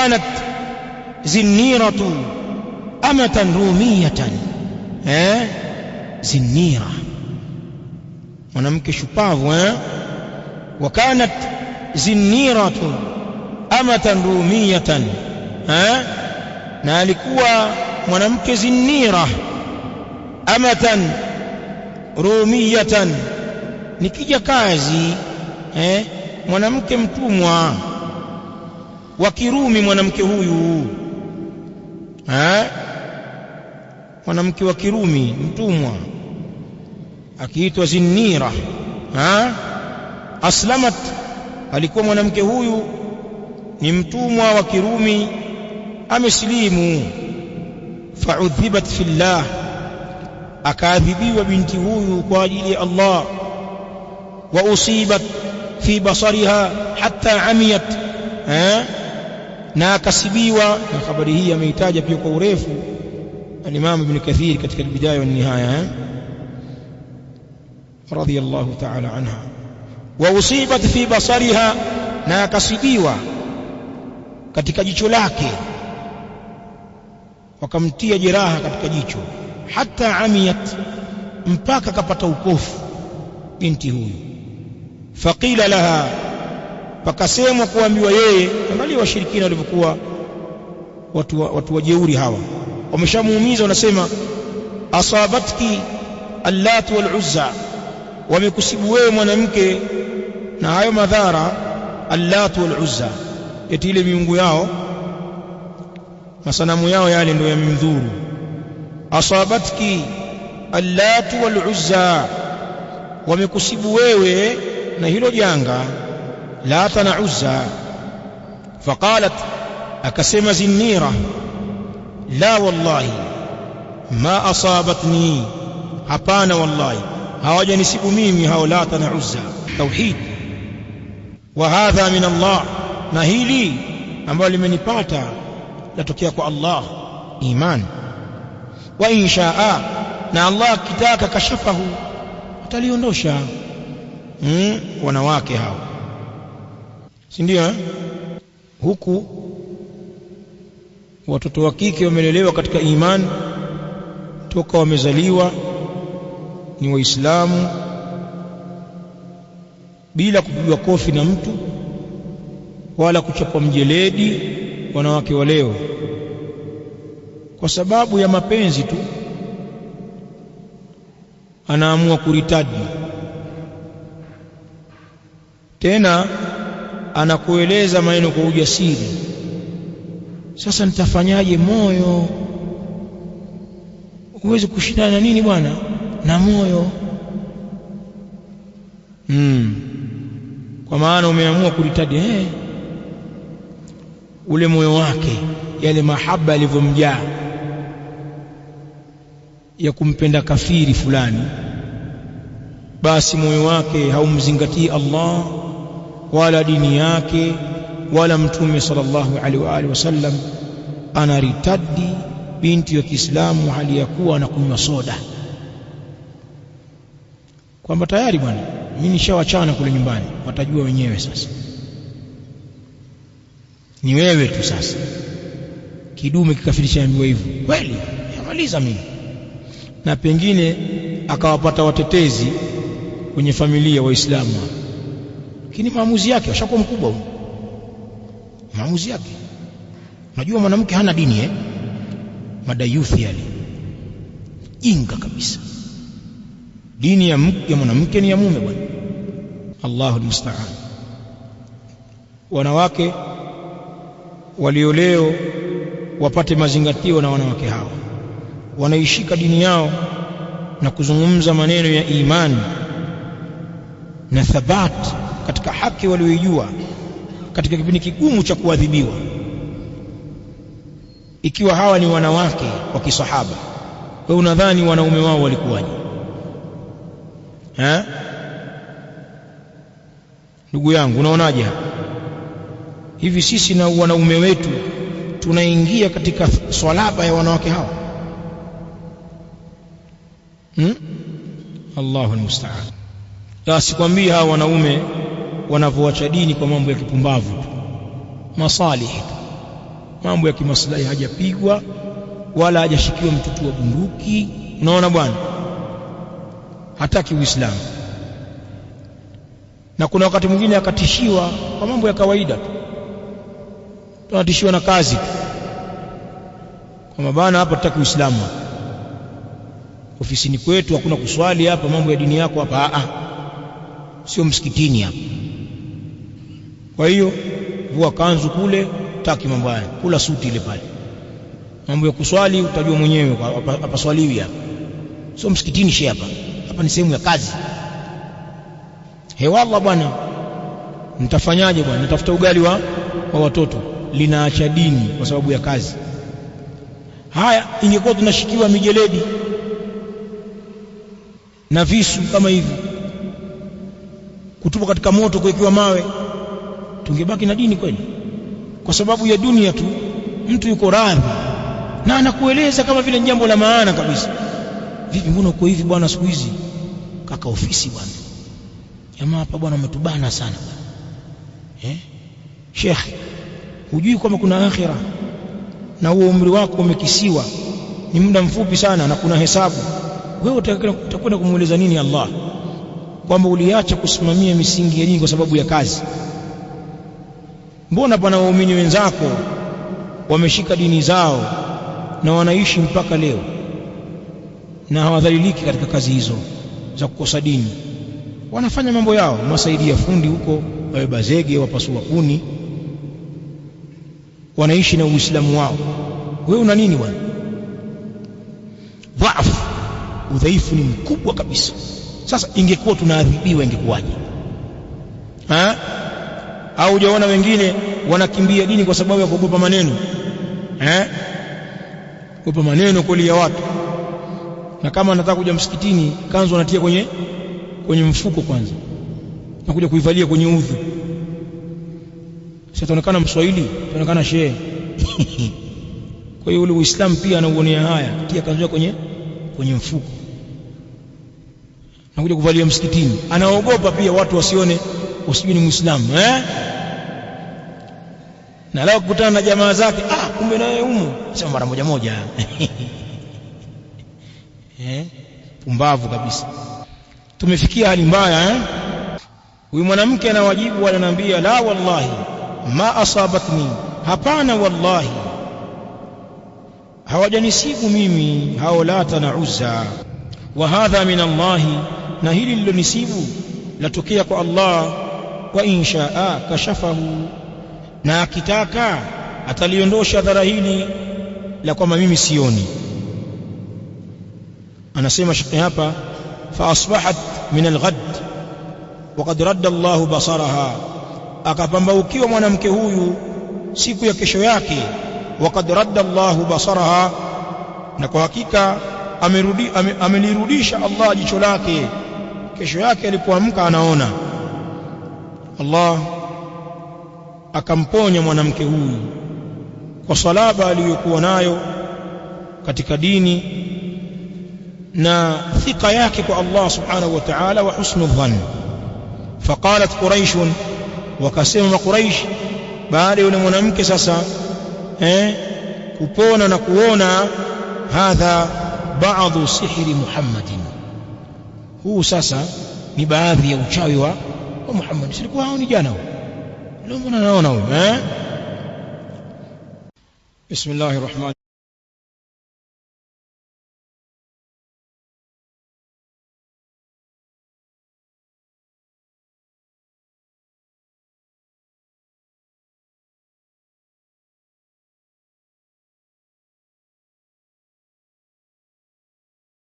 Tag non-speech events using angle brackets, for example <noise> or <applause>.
كانت زنيرة أمة رومية زنيرة ونمكش بعض وكانت زنيرة أمة رومية نالكوا ونمك زنيرة أمة رومية نكي جكازي ونمك متوموا wa Kirumi mwanamke huyu ha mwanamke wa Kirumi mtumwa akiitwa Zinnira ha aslamat alikuwa mwanamke huyu ni mtumwa wa Kirumi amesilimu fa'udhibat fillah akaadhibiwa binti huyu kwa ajili ya Allah wa usibat fi basariha hatta amiyat eh na akasibiwa na habari hii ameitaja pia kwa urefu al-Imam Ibn Kathir katika al-Bidaya wa Nihaya radhiyallahu ta'ala anha wa usibat fi basariha na akasibiwa katika jicho lake wakamtia jeraha katika jicho hata amiyat mpaka kapata ukofu binti huyu faqila laha pakasemwa kuambiwa yeye, angalia washirikina walivyokuwa watu, watu wajeuri hawa, wameshamuumiza wanasema, asabatki allatu wal uzza, wamekusibu wewe mwanamke na hayo madhara. Allatu wal uzza, eti ile miungu yao masanamu yao yale ndio yamemdhuru. Asabatki allatu wal uzza, wamekusibu wewe na hilo janga lata na uzza faqalat akasema zinnira la wallahi ma asabatni hapana wallahi hawajanisibu mimi hao lata na uzza tauhid wa hadha min Allah na hili ambalo limenipata latokea kwa Allah iman wa inshaa na Allah kitaka kashafahu ataliondosha mm, wanawake hao si ndio? Eh? Huku watoto wa kike wamelelewa katika imani toka wamezaliwa, ni Waislamu bila kupigwa kofi na mtu wala kuchapwa mjeledi. Wanawake wa leo kwa sababu ya mapenzi tu anaamua kuritaji tena anakueleza maneno kwa ujasiri. Sasa nitafanyaje? Moyo huwezi kushindana na nini bwana, na moyo mm. Kwa maana umeamua kulitadi eh, ule moyo wake, yale mahaba yalivyomjaa ya kumpenda kafiri fulani, basi moyo wake haumzingatii Allah wala dini yake wala mtume sallallahu alaihi wa alihi wasallam. Anaritadi binti wa Kiislamu hali ya kuwa anakunywa soda, kwamba tayari bwana, mimi nishawachana kule nyumbani, watajua wenyewe sasa, ni wewe tu sasa. Kidume kikafirisha ambiwa hivyo kweli, yamaliza mimi. Na pengine akawapata watetezi kwenye familia Waislamu lakini maamuzi yake washakuwa mkubwa huyo maamuzi yake unajua mwanamke hana dini eh madayuthi yale jinga kabisa dini ya, mke mwanamke ni ya mume bwana Allahu almusta'an wanawake walioleo wapate mazingatio na wanawake hawa wanaishika dini yao na kuzungumza maneno ya imani na thabati katika haki walioijua katika kipindi kigumu cha kuadhibiwa, ikiwa hawa ni wanawake wa kisahaba, wewe unadhani wanaume wao walikuwaje? ndugu yangu, unaonaje hapa? Hivi sisi na wanaume wetu tunaingia katika swalaba ya wanawake hawa hmm? Allahu almusta'an. La, sikwambii hawa wanaume wanavyoacha dini kwa mambo ya kipumbavu tu, masalihi tu, mambo ya kimaslahi. Hajapigwa wala hajashikiwa mtutu wa bunduki. Unaona bwana, hataki Uislamu. Na kuna wakati mwingine akatishiwa kwa mambo ya kawaida tu, tunatishiwa na kazi tu kwamba bana, hapa tutaki Uislamu hapa ofisini kwetu, hakuna kuswali hapa, mambo ya dini yako hapa, a sio msikitini hapa. Kwa hiyo vua kanzu kule, taki mambo haya, kula suti ile pale. Mambo ya kuswali utajua mwenyewe, swaliwi hapa, sio msikitini she, hapa hapa ni sehemu ya kazi. he walla bwana, nitafanyaje bwana? Nitafuta ugali wa, wa watoto, linaacha dini kwa sababu ya kazi. Haya, ingekuwa tunashikiwa mijeledi na visu kama hivi, kutupa katika moto, kuwekiwa mawe tungebaki na dini kweli? Kwa sababu ya dunia tu mtu yuko radhi na anakueleza kama vile jambo la maana kabisa. Vipi, mbona uko hivi bwana siku hizi? Kaka ofisi bwana, jamaa hapa bwana, umetubana sana bwana eh? Sheikh, hujui kwamba kuna akhira na huo umri wako umekisiwa, ni muda mfupi sana na kuna hesabu. Wewe utakwenda kumweleza nini Allah kwamba uliacha kusimamia misingi ya dini kwa sababu ya kazi? Mbona pana waumini wenzako wameshika dini zao na wanaishi mpaka leo na hawadhaliliki katika kazi hizo za kukosa dini? Wanafanya mambo yao, wasaidia fundi huko, wabeba zege, wapasua kuni, wanaishi na Uislamu wao. Wewe una nini bwana? Dhaafu, udhaifu ni mkubwa kabisa. Sasa ingekuwa tunaadhibiwa ingekuwaje? au hujaona wengine wanakimbia dini kwa sababu ya kuogopa maneno eh, kuogopa maneno kweli ya watu. Na kama anataka kuja msikitini, kanzu anatia kwenye, kwenye mfuko kwanza, nakuja kuivalia kwenye udhu, si ataonekana Mswahili, ataonekana shehe <laughs> kwa hiyo ule Uislamu pia anauonea haya, tia kanzu kwenye, kwenye mfuko nakuja kuvalia msikitini, anaogopa pia watu wasione usijui ni Muislamu eh? na leo kukutana na jamaa zake, ah, kumbe naye umo, sema mara moja moja <laughs> eh, pumbavu kabisa. Tumefikia hali mbaya eh? Huyu mwanamke anawajibu, ananiambia la wallahi ma asabatni, hapana wallahi hawajanisibu mimi hao Lata na Uzza. Wa hadha min Allahi, na hili lilonisibu latokea kwa Allah. Wa inshaa kashafahu na akitaka ataliondosha dhara hili la kwamba mimi sioni. Anasema shekhi hapa, fa asbahat min alghad wa qad radda Allahu basaraha, akapambaukiwa mwanamke huyu siku ya kesho yake. Wa radda Allahu basaraha, na kwa hakika amerudi amelirudisha Allah jicho lake kesho yake alipoamka anaona Allah akamponya mwanamke huyu kwa salaba aliyokuwa nayo katika dini na thika yake kwa Allah subhanahu wa ta'ala wa husnu dhann faqalat quraish wakasema quraish baada yule mwanamke sasa eh kupona na kuona hadha baadhu sihri muhammadin huu sasa ni baadhi ya uchawi wa Muhammad silikuwa hao ni jana huu نمنا نونو بسم الله الرحمن